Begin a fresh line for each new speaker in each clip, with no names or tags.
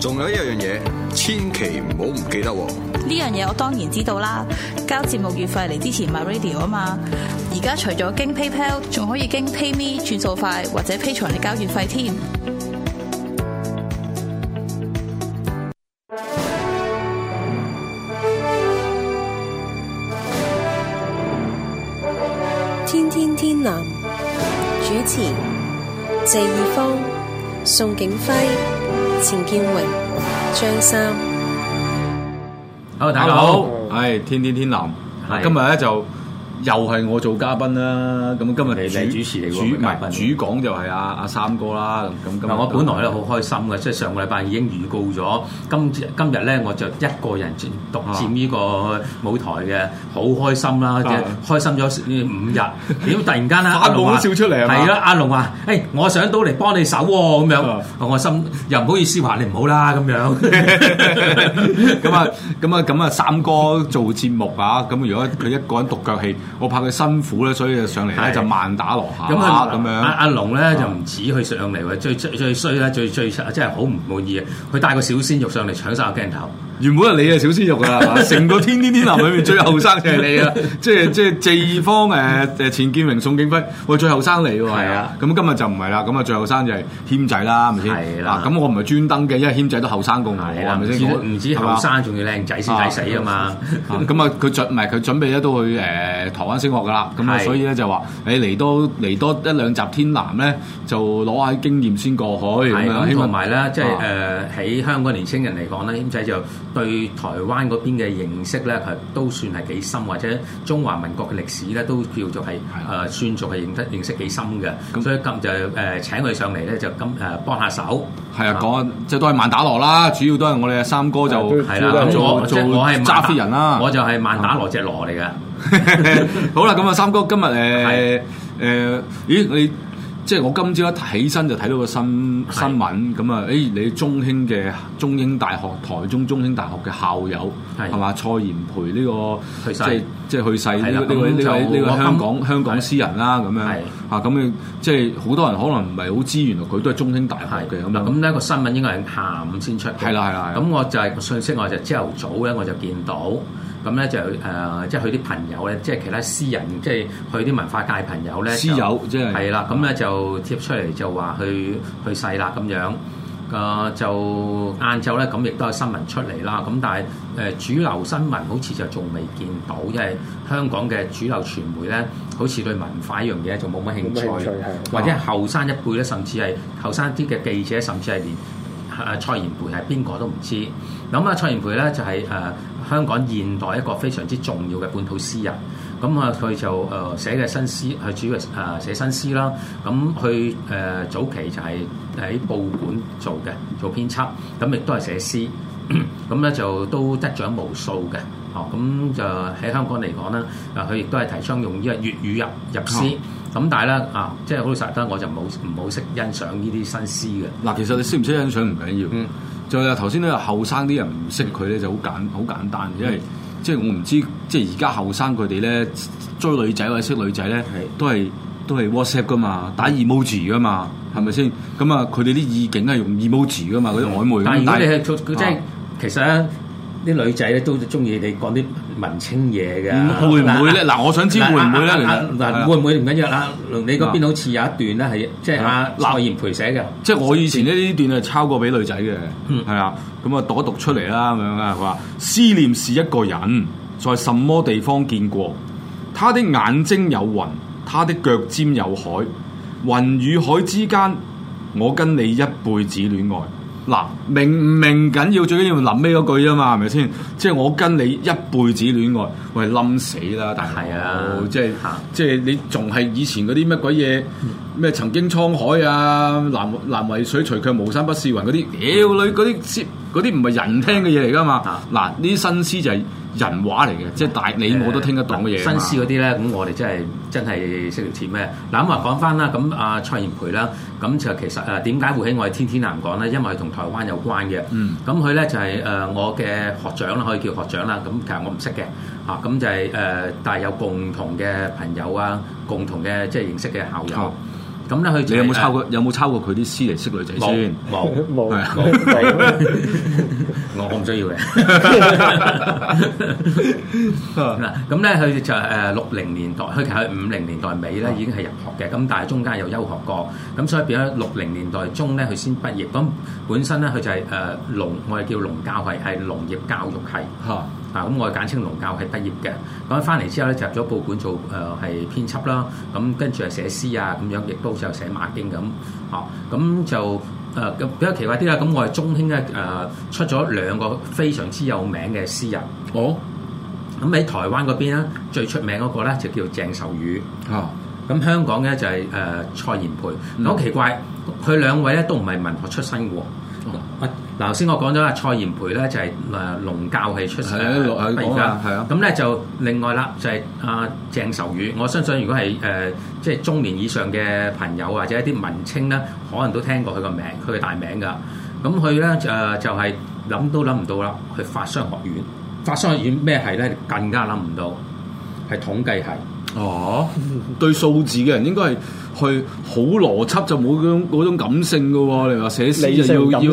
仲有一樣嘢，千祈唔好唔記得喎！
呢樣嘢我當然知道啦，交節目月費嚟支持 MyRadio 啊嘛！而家除咗經 PayPal，仲可以經 PayMe 轉數快，或者 Patreon 嚟交月費添。天天天藍，主持謝意峰、宋景輝。陳建榮、張三
，Hello, 大家好，我係 Hello. 天天天藍，Hi. 今日咧就。又係我做嘉賓啦，咁今日你你主持嚟喎，唔係主講就係阿阿三哥啦。咁
咁今日我本來咧好開心嘅，即係上個禮拜已經預告咗，今今日咧我就一個人獨佔呢個舞台嘅，好開心啦，即係開心咗呢五日。點突然間啦，阿龍都笑出嚟係啦。阿龍話，誒，我上到嚟幫你手
喎，咁樣我心又唔好意思話你唔好啦，咁樣。咁啊，咁啊，咁啊，三哥做節目啊，咁如果佢一個人獨腳戲。我怕佢辛苦所以上嚟呢的就慢打落下咁樣。阿阿龍呢就唔止佢上嚟、嗯，
最最最衰呢，最最，最真係好唔滿意，佢帶個小鮮肉上嚟搶曬個鏡頭。
原本係你啊，小鮮肉啊，成 個《天天天藍》裏面最後生就係你啦，即係即係字方誒誒錢建明、宋景輝，喂，最後生嚟喎。係啊，咁今日就唔係啦，咁、嗯、啊最後生就係謙仔啦，係咪先？係啦，咁我唔係專登嘅，因為謙仔都後生過我啊，係咪先？唔止後生，仲要靚仔先抵死啊嘛！咁啊，佢準唔係佢準備咧都去誒台灣升學㗎啦。咁啊，啊，啊，啊，啊，所以咧就話誒嚟多嚟多一兩集《天藍》咧，就攞下經驗先過海咁啊。同埋咧，即係誒喺香港年青人嚟講咧，謙仔就～、啊對
台灣嗰邊嘅認識咧，係都算係幾深，或者中華民國嘅歷史咧，都叫做係誒、呃，算做係認得認識幾深嘅。咁、嗯、所以今就誒請佢上嚟咧，就今
誒、呃呃、幫下手。係啊，講、嗯、即都係曼打羅啦，主要都係我哋阿三哥就係啦，咁我係揸鐵人啦，我就係曼打羅隻羅嚟嘅。 好啦，咁、嗯、啊，三哥今日誒誒、呃，咦、咦、咦你？你咦即係我今朝一起身就睇到個新新聞，咁啊，誒你中興嘅中英大學、台中中興大學嘅校友係嘛，蔡炎培呢個即係即係去世呢個呢個香港香港詩人啦，咁樣嚇咁嘅即係好多人可能唔係好知原來佢都係
中興大學嘅咁。嗱，咁咧個新聞應該係下午先出。係啦係啦。咁我就係個信息我就朝頭早咧我就見到。咁咧、嗯、就誒、呃，即係佢啲朋友咧，即係其他私人，即係佢啲文化界朋友咧，私友即係係啦。咁咧就貼出嚟就話去去世啦咁樣。誒、呃、就晏晝咧，咁亦都有新聞出嚟啦。咁但係誒、呃、主流新聞好似就仲未見到，因、就、為、是、香港嘅主流傳媒咧，好似對文化依樣嘢就冇乜興趣，興趣或者後生一輩咧，甚至係後生啲嘅記者甚至上嚟？蔡炎培係邊個都唔知，咁啊蔡炎培咧就係誒香港現代一個非常之重要嘅本土詩人，咁啊佢就誒寫嘅新詩，佢主要誒寫新詩啦，咁佢誒早期就係喺報館做嘅，做編輯，咁亦都係寫詩，咁咧就都得獎無數嘅，哦，咁就喺香港嚟講咧，啊佢亦都係提倡用呢個粵
語入入詩。咁但係咧啊，即係好在得我就冇唔好識欣賞呢啲新詩嘅。嗱，其實你識唔識欣賞唔緊要。知知係嗯，仲有頭先咧，後生啲人唔識佢咧就好簡好簡單，因為、嗯、即係我唔知，即係而家後生佢哋咧追女仔或者識女仔咧是，都係都係 WhatsApp 噶嘛，打 emoji 噶嘛，係咪先？咁啊，佢哋啲意境係用 emoji 噶嘛，嗰啲曖昧。但係如果你係即係其實咧。
啲女仔咧都中意你講啲文青嘢嘅，會唔會咧？嗱，我想知會唔會咧？嗱，會唔會唔緊要啦。你嗰邊好似有一段咧，係即係蔡炎培寫嘅，即係我以前
呢段係抄過俾女仔嘅，係啊，咁啊，朵讀出嚟啦咁樣啊，佢話思念是一個人，在什麼地方見過？他的眼睛有雲，他的腳尖有海，雲與海之間，我跟你一輩子戀愛。嗱、啊，明唔明緊要，最緊要臨尾嗰句啫嘛，係咪先？即係我跟你一輩子戀愛，喂冧死啦！但係即係即係你仲係以前嗰啲乜鬼嘢？咩、嗯、曾經滄海啊，難難為水，除卻巫山不是雲嗰啲，屌你嗰啲！些嗰啲唔係人聽嘅嘢嚟㗎嘛？嗱、啊，呢啲新詩就係人話嚟嘅，即係大你我都聽得懂嘅嘢。新詩嗰啲咧，咁我哋真係
真係識條鐵咩？嗱，咁話講翻啦，咁阿、啊、蔡炎培啦，咁就其實誒點解會喺我係天天藍講咧？因為同台灣有關嘅。嗯，咁佢咧就係、是、誒、呃、我嘅學長啦，可以叫學長啦。咁其實我唔識嘅，嚇、啊、咁就係、是、誒、呃，但係有共同嘅朋友啊，共同嘅即係認識嘅校友。咁咧佢，就是、你有冇抄過？啊、有冇抄過佢啲詩嚟識女仔先？冇冇， 我 我唔需要嘅。 嗱、就是，咁咧佢就誒六零年代，佢其實喺五零年代尾咧已經係入學嘅，咁但係中間又休學過，咁所以變咗六零年代中咧佢先畢業。咁本身咧佢就係、是、誒、呃、農，我哋叫農教系，係農業教育系。嚇！ 啊，咁我係簡稱農教系畢業嘅，咁翻嚟之後咧就入咗報館做誒係、呃、編輯啦，咁跟住係寫詩啊，咁樣亦都就寫馬經咁，嚇、嗯，咁就誒比較奇怪啲啦，咁我哋中興咧誒出咗兩個非常之有名嘅詩人，哦，咁喺、嗯、台灣嗰邊咧最出名嗰個咧就叫鄭愁予。哦，咁香港咧就係、是、誒、呃、蔡賢培，好、嗯嗯、奇怪，佢兩位咧都唔係文學出身喎。嗱，頭先我講咗啊，蔡元培咧就係誒農教系出世嘅，係啊的，咁咧就另外啦，就係阿鄭愁予。我相信如果係誒即係中年以上嘅朋友或者一啲文青咧，可能都聽過佢個名，佢嘅大名㗎。咁佢咧誒就係諗都諗唔到啦，佢法商學
院，法商學院咩系咧？更加諗唔到，係統計系。哦、啊，對數字嘅人應該係。佢好邏輯就冇嗰種，嗰種感性嘅喎、啊，你話寫詩就要要要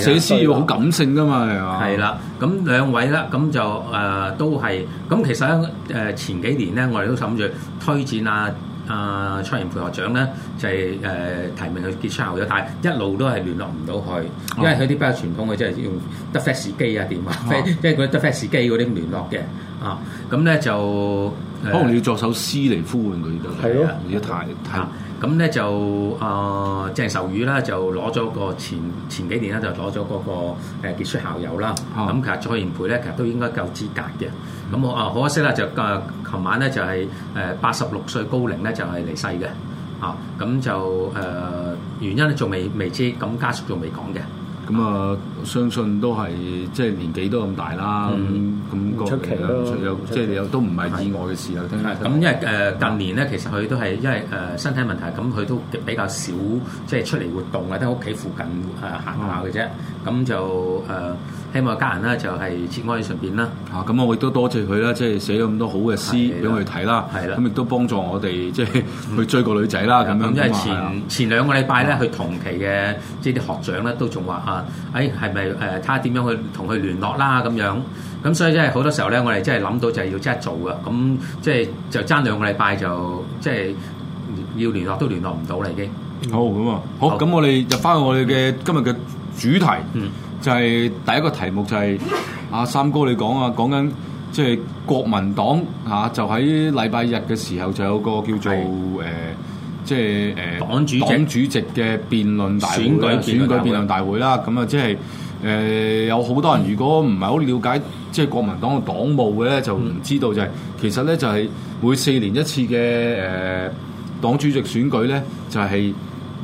寫詩要好感性噶嘛？係寫詞 啊，係啦。咁
兩位啦，咁就誒、呃、都係。咁其實咧、呃、前幾年咧，我哋都諗住推薦啊啊蔡元培學長咧，就係、是、誒、呃、提名去揭獎，但係一路都係聯絡唔到佢，因為佢啲比較傳統嘅，即、就、係、是、用德費士機啊電話，即係嗰啲德費士機嗰啲聯絡嘅啊。咁咧就。嗯可能你要作首詩嚟
呼喚佢都係
咯，唔要太太。咁咧就啊，鄭愁、呃、予咧就攞咗個前前幾年咧就攞咗嗰個誒傑出校友啦。咁、啊嗯、其實蔡元培咧其實都應該夠資格嘅。咁我啊可惜啦，就啊琴、呃、晚咧就係誒八十六歲高齡咧就係、是、離世嘅。啊咁就誒、呃、原因咧仲未未知，咁家屬仲未講嘅。咁啊～啊相信都係即係年紀都咁大啦，咁出奇咯，即係又都唔係意外嘅事啊！咁因為誒近年咧，其實佢都係因為誒身體問題，咁佢都比較少即係出嚟活動啊，都喺屋企附近行下嘅啫。咁就誒希望家人咧就係節
哀順變啦。嚇！咁我亦都多謝佢啦，即係寫咗咁多好嘅詩俾我哋睇啦。係啦，咁亦都幫助我哋即係去追個女仔啦。咁樣即係前前兩個禮拜咧，佢同期嘅
即係啲學長咧都仲話嚇，誒係。係咪誒睇下點樣去同佢聯絡啦咁樣，咁所以即係好多時候咧，我哋真係諗到就係要即係做噶，咁即係就爭兩個禮拜
就即係、就是、要聯絡都聯絡唔到啦已經、嗯。好咁啊，好咁好好我哋就翻去我哋嘅、嗯、今日嘅主題，嗯、就係第一個題目就係、是、阿、啊、三哥你講啊，講緊即係國民黨嚇、啊，就喺禮拜日嘅時候就有個叫做誒。即係誒、呃、黨主席黨主席嘅辯論大會選舉大會，選舉辯論大會啦。咁啊、嗯，即係誒有好多人，如果唔係好了解即係國民黨嘅黨務嘅咧，就唔知道就係、是嗯、其實咧就係每四年一次嘅誒、呃、黨主席選舉咧，就係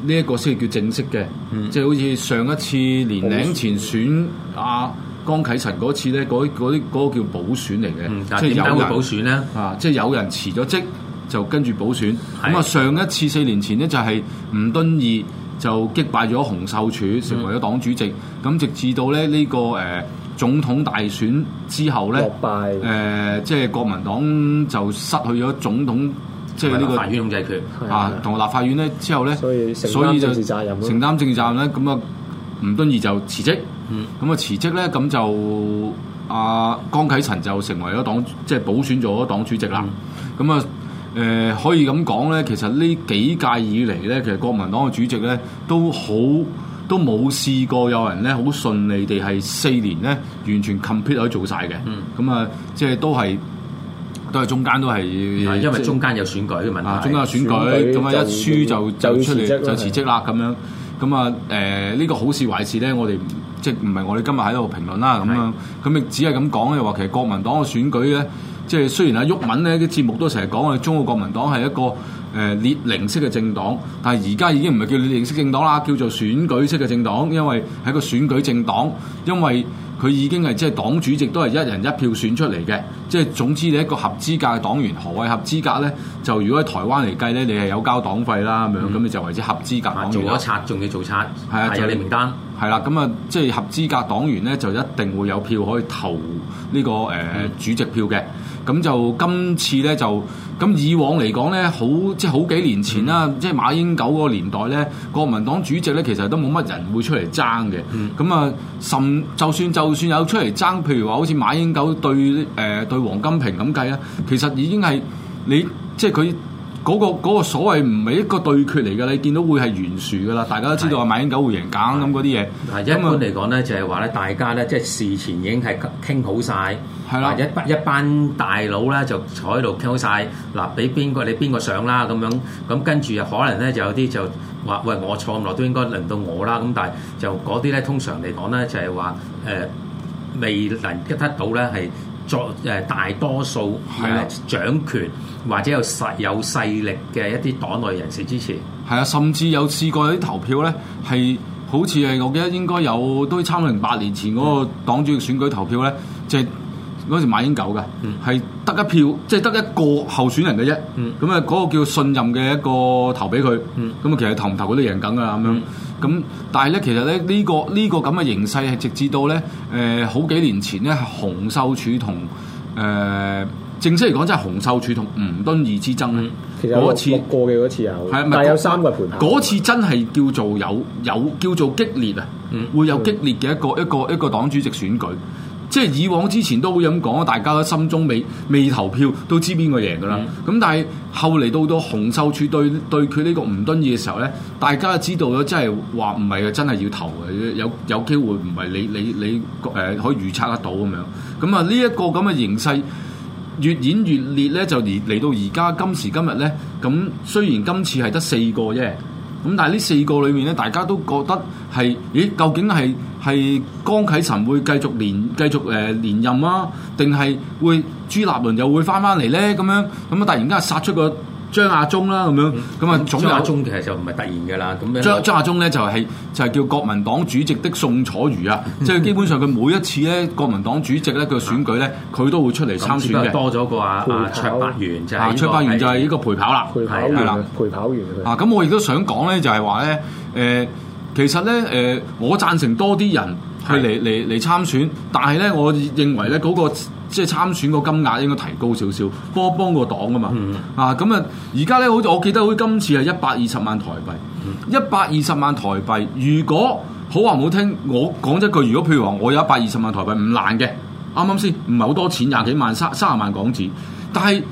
呢一個先係叫正式嘅。嗯、即係好似上一次年零前選阿江啟臣嗰次咧，嗰啲嗰個叫補選嚟嘅。即點解會補選咧？啊，即係有人辭咗職。就跟住補選，咁啊，上一次四年前呢，就係吳敦義就擊敗咗洪秀柱成為咗黨主席，咁直至到咧呢個誒總統大選之後咧，誒即係國民黨就失去咗總統，即係呢個法院控制權啊同立法院咧之後咧，所以就承擔政治責任。承擔政治責任咧，咁啊吳敦義就辭職，咁啊辭職咧咁就阿江啟臣就成為咗黨即係補選咗黨主席啦，咁啊。誒、呃、可以咁講咧，其實呢幾屆以嚟咧，其實國民黨嘅主席咧都好都冇試過有人咧好順利地係四年咧完全 complete 可以做晒嘅。嗯，咁啊，即係都係都係中間都係，因為中間有選舉嘅問題，就是、中間有選舉，咁啊一輸就就出嚟就，就辭職啦咁是的 樣。咁啊誒呢個好事壞事咧，我哋即係唔係我哋今日喺度評論啦咁的樣。咁亦只係咁講，又話其實國民黨嘅選舉咧。即係雖然啊毓民呢啲節目都成日講啊，中國國民黨係一個誒列寧式嘅政黨，但係而家已經唔係叫列寧式政黨啦，叫做選舉式嘅政黨，因為係個選舉政黨，因為佢已經係即係黨主席都係一人一票選出嚟嘅。即係總之你一個合資格嘅黨員，何謂合資格呢？就如果喺台灣嚟計呢，你係有交黨費啦咁樣，咁你、嗯、就為之合資格黨員做咗冊，仲要做冊，係啊，就你名單。係啦，咁啊，即係合資格黨員呢，就一定會有票可以投呢、呢個誒主席票嘅。嗯咁就今次呢，就咁以往嚟講呢，好即係好幾年前啦，嗯、即係馬英九嗰個年代呢，國民黨主席呢，其實都冇乜人會出嚟爭嘅。咁啊，甚就算就算有出嚟爭，譬如話好似馬英九對誒、呃、對王金平咁計啊，其實已經係你即係佢。嗰個嗰個所謂唔係一個對決嚟㗎，你見到會係懸殊㗎啦，大家都知道啊，馬英九會贏㗎咁嗰啲嘢。係的一般嚟講咧，那就係話咧，大家咧即係事前已經係傾好
晒，係啦的，一班一班大佬咧就坐喺度傾好晒，嗱，俾邊個你邊個上啦咁樣。咁跟住又可能咧就有啲就話喂，我坐唔落都應該輪到我啦，咁但係就嗰啲咧通常嚟講咧就係話誒未能 get 到咧係。作誒大多數係掌權或者有勢有
勢力嘅一啲黨內人士支持係啊，甚至有試過有啲投票咧係好似係我記得應該有都差唔多零八年前嗰個黨主席選舉投票咧，嗯、就嗰時馬英九嘅，係、嗯、得一票，即、就、係、是、得一個候選人嘅啫。咁啊，嗰個叫信任嘅一個投俾佢，咁啊、嗯、其實投唔投佢都贏緊㗎咁樣。咁，但係咧，其實咧、這個，呢、這個呢個咁嘅形勢係直至到咧，誒、呃、好幾年前咧，洪秀柱同誒、呃、正式嚟講，即係洪秀柱同吳敦義之爭，嗰、嗯、次過嘅嗰次啊，係啊，但有三個盤頭嗰次真係叫做有有叫做激烈啊、嗯，會有激烈嘅一個是的 一個一個，一個黨主席選舉。即係以往之前都會咁講，大家都心中未未投票都知邊個贏噶啦。咁、嗯、但係後嚟到到洪秀柱對對佢呢個吳敦義嘅時候咧，大家知道咗，即係話唔係啊，真係要投嘅，有有機會唔係你你你誒、呃、可以預測得到咁樣。咁啊呢一個咁嘅形勢越演越烈咧，就而嚟到而家今時今日咧，咁雖然今次係得四個啫。咁但係呢四個裏面咧，大家都覺得係咦？究竟係係江啟臣會繼續連繼續誒連任啊，定係會朱立倫又會翻翻嚟咧？咁樣咁啊，突然間殺出個。張亞中啦，咁樣咁啊，嗯、總亞中其實就唔係突然嘅啦。張張亞中咧就係、是、就係、是、叫國民黨主席的宋楚瑜啊，即係 基本上佢每一次咧國民黨主席咧嘅選舉咧，佢都會出嚟參選嘅。多咗個啊跑啊卓伯源，就卓伯源就係呢個陪跑啦，陪跑員啦，啊、陪跑員啊！咁、啊、我亦都想講咧，就係話咧，誒其實咧，誒、呃、我贊成多啲人去嚟嚟嚟參選，的但係咧，我認為咧、那、嗰個。即係參選個金額應該提高少少，幫幫個黨啊嘛，啊咁、嗯、啊，而家咧好似我記得好似今次係一百二十萬台幣，一百二十萬台幣。如果好話唔好聽，我講一句，如果譬如話我有一百二十萬台幣，唔難嘅，啱啱先？唔係好多錢，廿幾萬三三十萬港紙，但係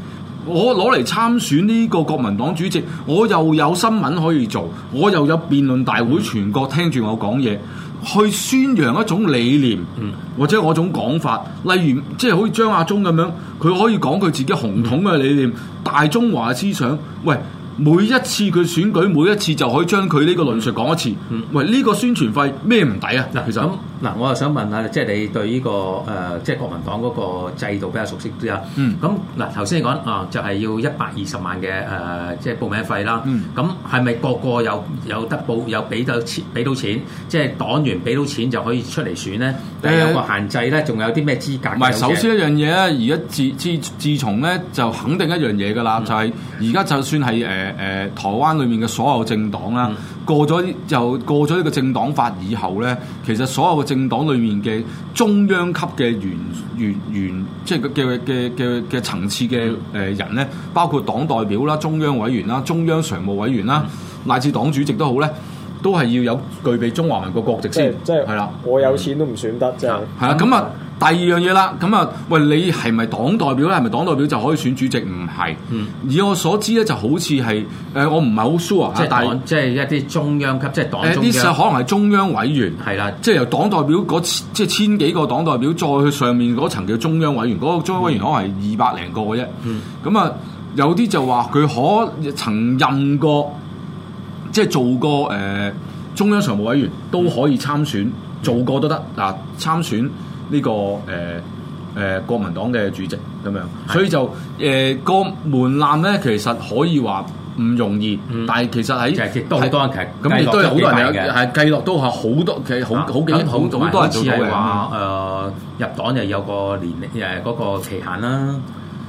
我攞嚟參選呢個國民黨主席，我又有新聞可以做，我又有辯論大會、嗯、全國聽住我講嘢。去宣揚一種理念，或者嗰種講法，例如即係好似張亞忠咁樣，佢可以講佢自己紅統嘅理念、嗯、大中華嘅思想。喂，每一次佢選舉，每一次就可以將佢呢個論述講一次。嗯、喂，呢、這個宣傳費咩唔抵啊？嗱、嗯，其實、嗯嗱，我又想問下，即係你對呢、這個誒、呃，即係國民
黨嗰個制度比較熟悉啲啊。嗯。咁嗱，頭先你講啊、呃，就係、是、要一百二十萬嘅誒，即、呃、係、就是、報名費啦。嗯。咁係咪個個有有得報有俾到錢，俾到錢，即係黨員俾到錢就可以出嚟選咧？誒、呃。有個限制咧，仲有啲咩資格？唔係，首先
一樣嘢咧，而家自自自從咧，就肯定一樣嘢噶啦，嗯、就係而家就算係誒誒台灣裡面嘅所有政黨啦。嗯過咗就過咗呢個政黨法以後呢，其實所有嘅政黨裡面嘅中央級嘅元元即係嘅嘅嘅嘅層次嘅誒人呢，包括黨代表啦、中央委員啦、中央常務委員啦，嗯、乃至黨主席都好呢，都係要有具備中華民國國籍先，即係是啦。的我有錢都唔選得，就係。係啊，咁啊。第二樣嘢啦，咁啊，喂，你係咪黨代表咧？係咪黨代表就可以選主席？唔係，嗯、以我所知咧，就好似係，誒，我唔係好 sure，即係黨，但即係一啲中央級，即係黨中央。誒，啲嘢可能係中央委員，係啦的，即係由黨代表嗰即係千幾個黨代表再去上面嗰層叫中央委員，嗰、嗯、個中央委員可能係二百零個嘅啫。咁啊、嗯，嗯、有啲就話佢可曾任過，即、就、係、是、做過誒、呃、中央常務委員都可以參選，做過都得嗱參選。呢個誒誒國民黨嘅主席咁樣，所以就誒個門檻咧，其實可以話唔容易，但係其實喺都係多人嘅，咁亦都有好多人嘅，係計落都係好多嘅，好好好好多次係話誒入黨就有個年齡誒嗰個期限啦。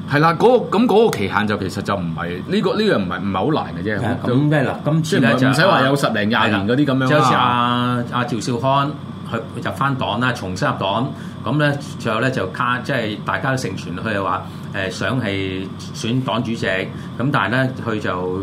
係啦，嗰個咁嗰個期限就其實就唔係呢個呢個唔係唔係好難嘅啫。咁咩啦？今次唔使話有十零廿年嗰啲咁樣啦，即係似阿
阿趙少康入翻黨啦，重新入黨咁咧，最後咧就卡，即係大家都成全佢話誒、呃、想係選黨主席，咁但係咧佢就誒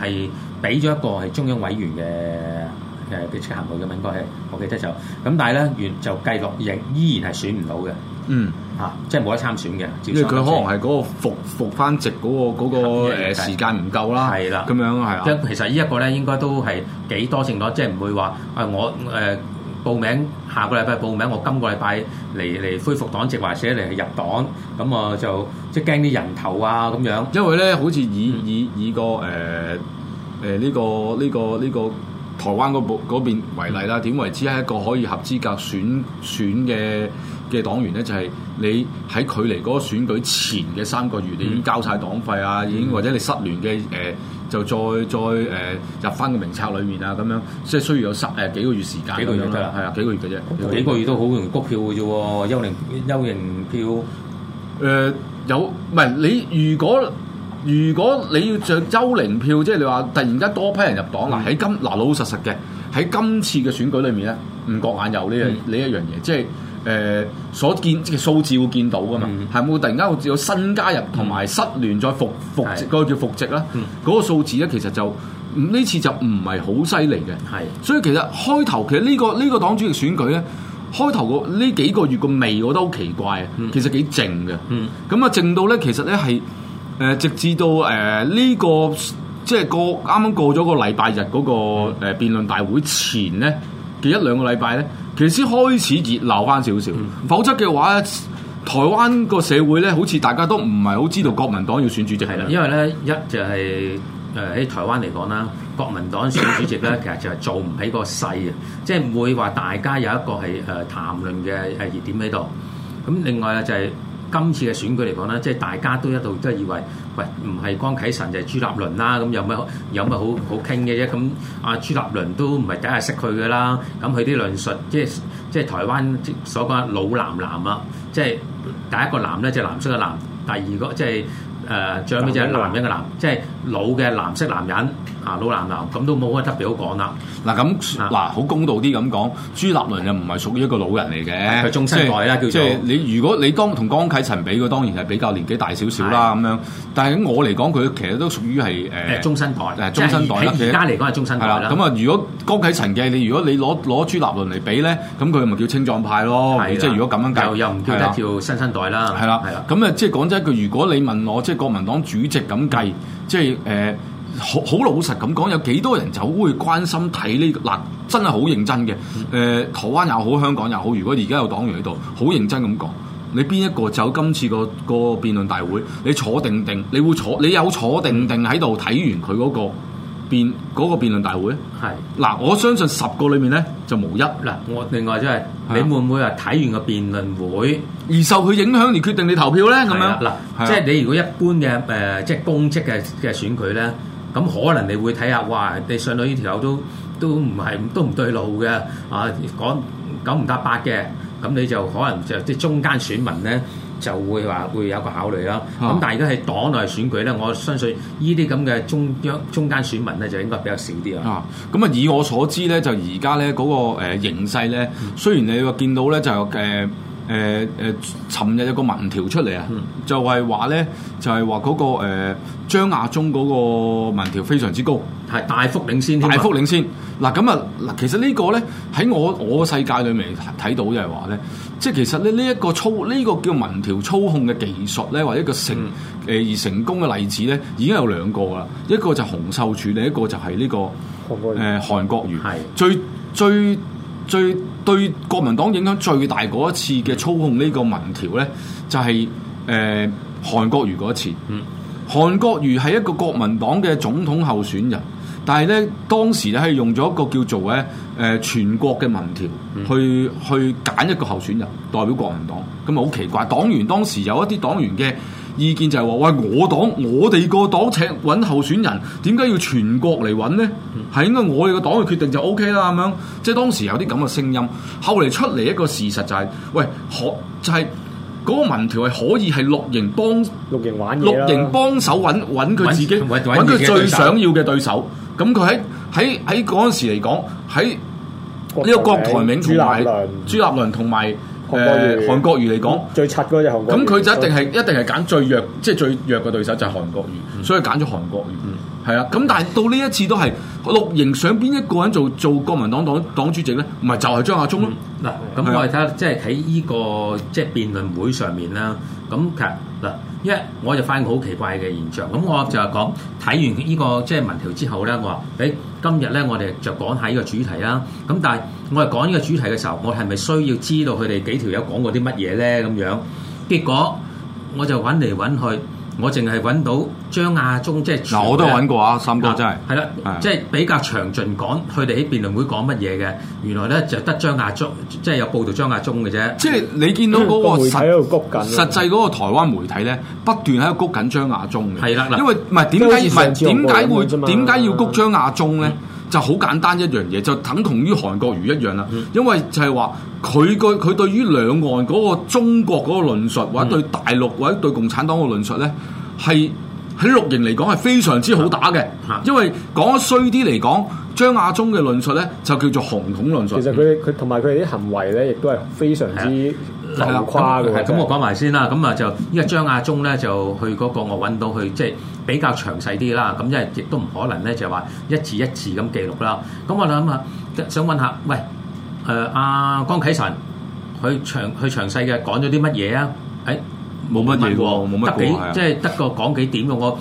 係俾咗一個係中央委員嘅誒嘅職恆度咁樣，應該係我記得就咁，但係咧完就計落，仍依然係選唔到嘅。嗯，嚇、啊，即係冇得參選嘅。因為佢可能係嗰個復復翻職嗰個嗰、嗰個誒時間唔夠啦，係啦，咁樣係。即其實呢一的個咧，應該都係幾多性多，即係唔會話誒我誒。報名下個禮拜報名，我今個禮拜嚟嚟恢復黨籍，或者嚟入黨，咁啊就即係驚啲人頭啊咁樣。因為咧，好似以、
嗯、以以個誒誒呢個呢、這個呢、這個台灣嗰部嗰邊為例啦，點、嗯、為之係一個可以合資格選選嘅嘅黨員咧？就係、是、你喺距離嗰個選舉前嘅三個月，你已經交晒黨費啊，已經、嗯、或者你失聯嘅誒。呃就再再誒入翻個名冊裡面啊，咁樣即係需要有十誒幾個月時間，幾月，幾個月啫，係啊，幾個月嘅啫，幾個月都好容易谷票嘅啫喎，幽靈幽靈票誒、呃、有唔係你如果如果你要着幽靈票，即係你話突然間多批人入黨嗱，喺、嗯、今嗱老實實嘅喺今次嘅選舉裡面咧，唔覺眼有呢樣呢一樣嘢，即係。誒、呃、所見即係數字會見到㗎嘛，係冇、嗯、突然間有新加入同埋失聯再復復嗰個叫復席啦。嗰的個數字咧其實就呢次就唔係好犀利嘅。係的，所以其實開頭其實呢、呢個呢、呢個黨主席選舉咧，開頭個呢幾個月個味，我覺得好奇怪啊。嗯、其實幾靜嘅，咁啊、嗯嗯、靜到咧，其實咧係誒直至到誒、呢、呢個即係、即係、過啱啱過咗個禮拜日嗰個誒辯論大會前咧嘅一兩個禮拜咧。其實先開始熱鬧翻少少，否則嘅話，台灣個社會咧，好似大家都唔係好知道國民黨要選主席。係啦，因為咧，一就係誒喺台灣嚟講啦，國民黨選主席咧， 其實就係做唔起個勢
嘅，即係唔會話大家有一個係誒、呃、談論嘅誒熱點喺度。咁另外咧就係、係。今次嘅選舉嚟講咧，即係大家都一度都係以為，喂，唔係江啟臣就係、是、朱立倫啦，咁有乜有乜好好傾嘅啫？咁阿朱立倫都唔係第一日識佢嘅啦，咁佢啲論述，即係即係台灣即所講老男男啊，即係第一個男咧就是、藍色嘅男，第二個即係誒、呃、最後尾就係男人嘅男，男人即係老嘅藍色男人。啊，老難鬧，咁都冇乜特別好講啦。嗱，咁嗱，
好公道啲咁講，朱立倫又唔係屬於一個老人嚟嘅，佢中生代啦，叫即係你如果你當同江啟臣比，佢當然係比較年紀大少少啦，咁樣。但係我嚟講，佢其實都屬於係誒中生代，係中生代啦。而家嚟講係中生代啦。咁啊，如果江啟臣嘅你，如果你攞攞朱立倫嚟比咧，咁佢咪叫青壯派咯？即係如果咁樣計，又唔叫得叫新生代啦。係啦，係啦。咁啊，即係講真一句，如果你問我，即係國民黨主席咁計，即係誒。好好老實咁講，有幾多人就會關心睇呢個？嗱，真係好認真嘅。誒，台灣又好，香港又好。如果而家有黨員喺度，好認真咁講，你邊一個走今次個個辯論大會？你坐定定，你會坐？你有坐定定喺度睇完佢嗰個辯嗰個辯論大會？係嗱，呢我相信十個裏面咧就無一嗱。我另外即係，你會唔會係睇完個辯論會而
受佢影響而決定你投票咧？咁樣嗱，即係你如果一般嘅誒，即係公職嘅嘅選舉咧。嗯嗯咁可能你會睇下，哇！你上到呢條友都都唔係都唔對路嘅，啊講講九唔搭八嘅，咁你就可能就即係中間選民咧就會話會有個考慮啦。咁、啊、但係而家係黨內選舉咧，我相信呢
啲咁嘅中央中間選民咧就應該比較少啲啊。啊，咁啊以我所知咧，就而家咧嗰個、呃、形勢咧，雖然你話見到咧就誒。呃誒誒，尋、呃、日有個民調出嚟啊、嗯，就係話咧，就係話嗰個誒張亞中嗰個民調非常之高，係大幅領，領先，大幅領先。嗱咁啊，嗱、就是、其實呢個咧喺我我世界裏面睇到就係話咧，即係其實咧呢一個操呢、呢個叫民調操控嘅技術咧，或者一個成誒而、嗯呃、成功嘅例子咧，已經有兩個啦，一個就洪秀柱，另一個就係呢、呢個誒、呃、韓國瑜，最的最。最最對國民黨影響最大嗰一次嘅操控呢個民調呢，就係、是、誒、呃、韓國瑜嗰一次。韓國瑜係一個國民黨嘅總統候選人，但係呢當時咧係用咗一個叫做咧、呃、全國嘅民調去去揀一個候選人代表國民黨，咁啊好奇怪！黨員當時有一啲黨員嘅。意見就係、是、話，喂，我黨我哋個黨請揾候選人，點解要全國嚟揾呢？係應該我哋個黨去決定就 O K 啦，咁樣。即係當時有啲咁嘅聲音，後嚟出嚟一個事實就係、是，喂，可就係、是、嗰個民調係可以係綠營幫綠營玩嘢，綠營幫手揾揾佢自己，揾佢最想要嘅對手。咁佢喺喺喺嗰陣時嚟講，喺呢個郭台銘同埋朱立倫同埋。誒、呃、韓國瑜嚟講最柒嗰隻，咁佢就一定係一定係揀最弱，即係最弱嘅對手就係韓國瑜，所以揀咗、就是、韓國瑜，係啊。咁但係到呢一次都係綠營想邊一個人做做國民黨黨黨主席咧？唔係就係張亞中。咯。
嗱，咁我哋睇下，
即係喺呢個即係、就是、辯論會
上面啦。咁其實嗱，因、嗯、為我就發現好奇怪嘅現象。咁我就係講睇完呢、這個即係民調之後咧，我話誒。欸今日咧，我哋就講下呢個主題啦。咁但係我哋講呢個主題嘅時候，我係咪需要知道佢哋幾條友講過啲乜嘢咧？咁樣，結果我就揾嚟揾去。我淨係揾到張亞中，即係我都揾過啊，三哥真係係啦，即係比較詳盡講佢哋喺辯論會講乜嘢嘅。
原來咧就得張亞中，即係有報導張亞中嘅啫。即係你見到嗰個實、嗯、個媒體喺度谷緊實際嗰個台灣媒體咧，不斷喺度谷緊張亞中嘅。係啦的，嗱，因為唔係點解唔係點解會點解要谷張亞中咧？嗯、就好簡單一樣嘢，就等同於韓國瑜一樣啦。嗯、因為就係話。佢個佢對於兩岸嗰個中國嗰個論述，或者對大陸或者對共產黨嘅論述咧，係喺綠營嚟講係非常之好打嘅。嗯、因為講得衰啲嚟講，張亞中嘅論述咧就叫做紅統論述。其實佢佢同埋佢哋啲行為咧，亦都係非常之誇嘅。咁的的我
講埋先啦。咁啊就依家張亞中咧就去嗰個我揾到佢，即、就、係、是、比較詳細啲啦。咁因為亦都唔可能咧就話一字一字咁記錄啦。咁我諗下想，想，想，想，想，想，想問下，喂？喂喂喂喂誒阿江啟臣，佢長佢詳細嘅講咗啲乜嘢啊？誒，
冇乜嘢喎，得幾即係
得個講幾點嘅我？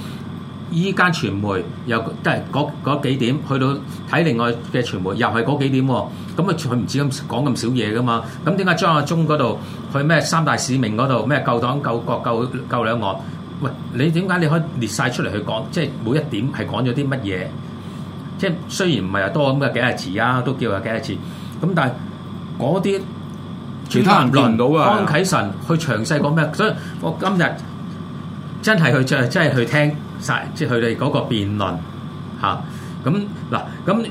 呢間傳媒又都係嗰嗰幾點，去到睇另外嘅傳媒又係嗰幾點喎。咁啊，佢唔止咁講咁少嘢噶嘛？咁點解張亞中嗰度去咩三大使命嗰度咩救黨救國救救兩岸？喂，你點解你可以列曬出嚟去講？即係每一點係講咗啲乜嘢？即係雖然唔係話多咁嘅幾十字啊，都叫啊幾十字。咁但係嗰啲其他人輪到啊，方啟臣去詳細講咩？ 所以我今日真係佢就真係去聽晒，即係佢哋嗰個辯論咁嗱，咁、啊、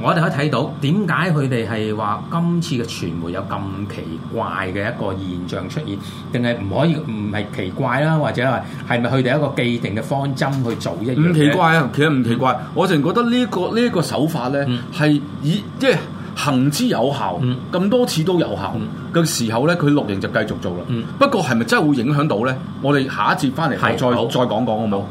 我哋可以睇到點解佢哋係話今次嘅傳媒有咁奇怪嘅一個現象出現，定係唔可以唔係奇怪啦？或者係係咪佢哋一個既定嘅方針去做一
樣唔奇怪啊， 其實唔奇怪。我淨覺得呢、呢個呢、呢個手法咧係以即係。 行之有效，咁、嗯、多次都有效嘅、嗯、時候咧，佢綠營就繼續做啦。嗯、不過係咪真係會影響到咧？我哋下一節翻嚟後再再講講好冇？好